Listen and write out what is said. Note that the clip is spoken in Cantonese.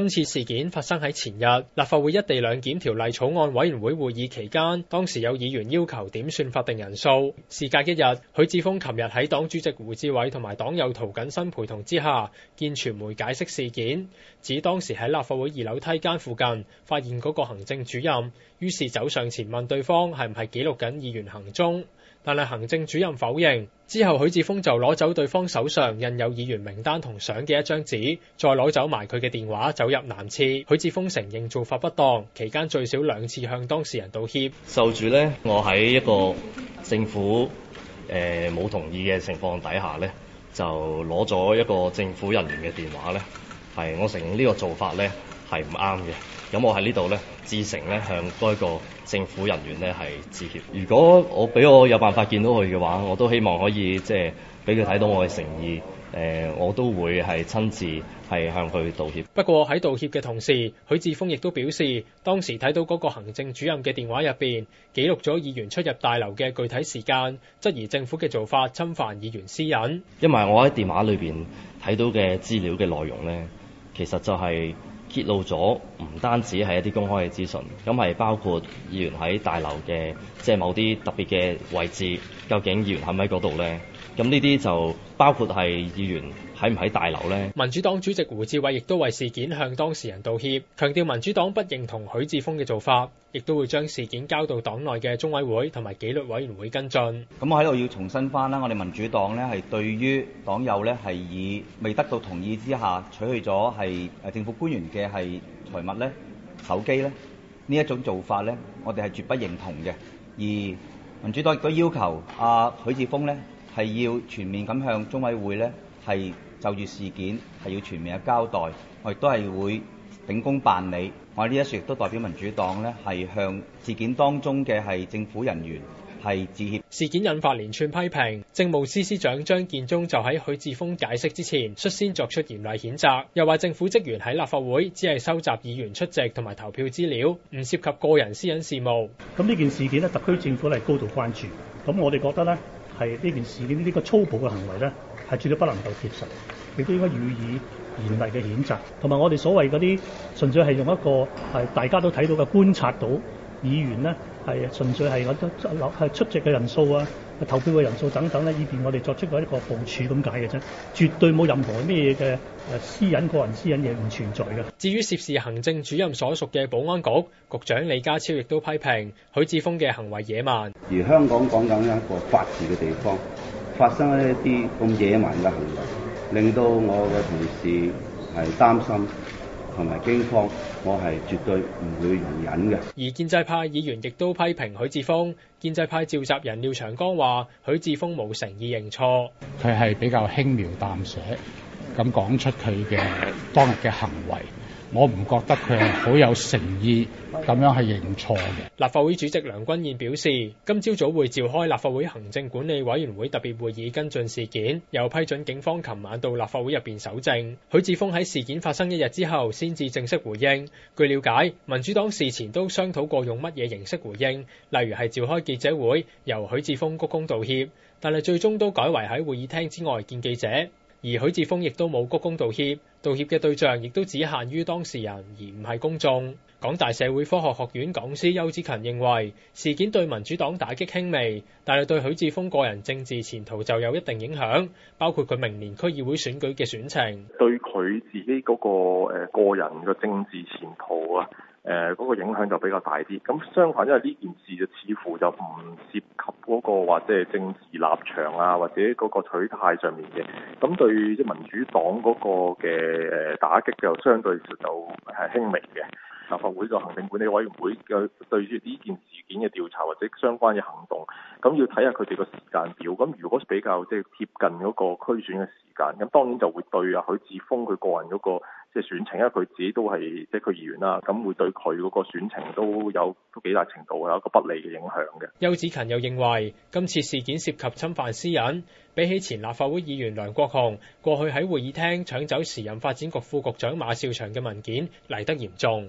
今次事件發生喺前日立法會一地兩檢條例草案委員會會議期間，當時有議員要求點算法定人數。事隔一日，許智峯琴日喺黨主席胡志偉同埋黨友涂謹申陪同之下，見傳媒解釋事件，指當時喺立法會二樓梯間附近發現嗰個行政主任，於是走上前問對方係唔係記錄緊議員行蹤，但係行政主任否認。之後許智峯就攞走對方手上印有議員名單同相嘅一張紙，再攞走埋佢嘅電話，走入男廁。許智峯承認做法不當，期間最少兩次向當事人道歉。受住呢，我喺一個政府誒冇、呃、同意嘅情況底下呢，就攞咗一個政府人員嘅電話呢。係，我承認呢個做法咧係唔啱嘅。咁我喺呢度咧，自誠咧向該個政府人員咧係致歉。如果我俾我有辦法見到佢嘅話，我都希望可以即係俾佢睇到我嘅誠意。誒，我都會係親自係向佢道歉。不過喺道歉嘅同時，許智峯亦都表示，當時睇到嗰個行政主任嘅電話入面記錄咗議員出入大樓嘅具體時間，質疑政府嘅做法侵犯議員私隱。因為我喺電話裏面睇到嘅資料嘅內容呢，其實就係揭露咗唔單止係一啲公開嘅資訊，咁係包括議員喺大樓嘅即係某啲特別嘅位置，究竟議員喺咪嗰度呢？咁呢啲就包括係議員喺唔喺大樓呢？民主黨主席胡志偉亦都為事件向當事人道歉，強調民主黨不認同許智峯嘅做法，亦都會將事件交到黨內嘅中委會同埋紀律委員會跟進。咁我喺度要重申返啦，我哋民主黨呢係對於黨友呢係以未得到同意之下取去咗係政府官員嘅係財物呢手機呢，呢一種做法呢，我哋係絕不認同嘅。而民主黨亦都要求阿許智峯呢，係要全面咁向中委會呢，係就住事件係要全面嘅交代，我亦都係會秉公辦理。我呢一説亦都代表民主黨呢，係向事件當中嘅係政府人員係致歉。事件引發連串批評，政務司司長張建宗就喺許智峯解釋之前，率先作出嚴厲譴責，又話政府職員喺立法會只係收集議員出席同埋投票資料，唔涉及個人私隱事務。咁呢件事件呢，特區政府係高度關注。咁我哋覺得呢。係呢件事呢，呢、呢個粗暴嘅行為咧，係絕對不能夠接受，亦都應該予以嚴厲嘅譴責。同埋我哋所謂嗰啲純粹係用一個係大家都睇到嘅觀察到，議員咧，係純粹係嗰啲落係出席嘅人數啊。投票嘅人數等等咧，以便我哋作出一個部署咁解嘅啫，絕對冇任何咩嘅誒私隱，個人私隱嘢唔存在嘅。至於涉事行政主任所屬嘅保安局局長李家超，亦都批評許智峯嘅行為野蠻，而香港講緊一個法治嘅地方，發生了一啲咁野蠻嘅行為，令到我嘅同事係擔心。同埋驚慌，我係絕對唔會容忍嘅。而建制派議員亦都批評許智峯，建制派召集人廖長江話：許智峯冇誠意認錯，佢係比較輕描淡寫咁講出佢嘅當日嘅行為，我唔覺得佢係好有誠意。咁樣，係認錯嘅。立法會主席梁君彥表示，今朝早早會召開立法會行政管理委員會特別會議跟進事件，又批准警方琴晚到立法會入邊搜證。許智峯喺事件發生一日之後先至正式回應。據了解，民主黨事前都商討過用乜嘢形式回應，例如係召開記者會，由許智峯鞠躬道歉，但係最終都改為喺會議廳之外見記者，而許智峯亦都冇鞠躬道歉。道歉嘅對象亦都只限於當事人，而唔係公眾。港大社會科學學院講師邱子勤認為，事件對民主黨打擊輕微，但係對許智峯個人政治前途就有一定影響，包括佢明年區議會選舉嘅選情，對佢自己嗰個誒個人嘅政治前途啊，誒、那、嗰個影響就比較大啲。咁相反，因為呢件事就似乎就唔涉及，嗰、那個或者係政治立場啊，或者嗰個取態上面嘅，咁對即民主黨嗰個嘅誒打擊就相對就係輕微嘅。立法會個行政管理委員會嘅對住呢件事件嘅調查或者相關嘅行動，咁要睇下佢哋個時間表。咁如果比較即係貼近嗰個區選嘅時間，咁當然就會對阿許智峯佢個人嗰、那個。即選情啊，佢自己都係即佢議員啦，咁會對佢嗰個選情都有都幾大程度有一個不利嘅影響嘅。邱子勤又認為，今次事件涉及侵犯私隱，比起前立法會議員梁國雄過去喺會議廳搶走時任發展局副局長馬紹祥嘅文件嚟得嚴重。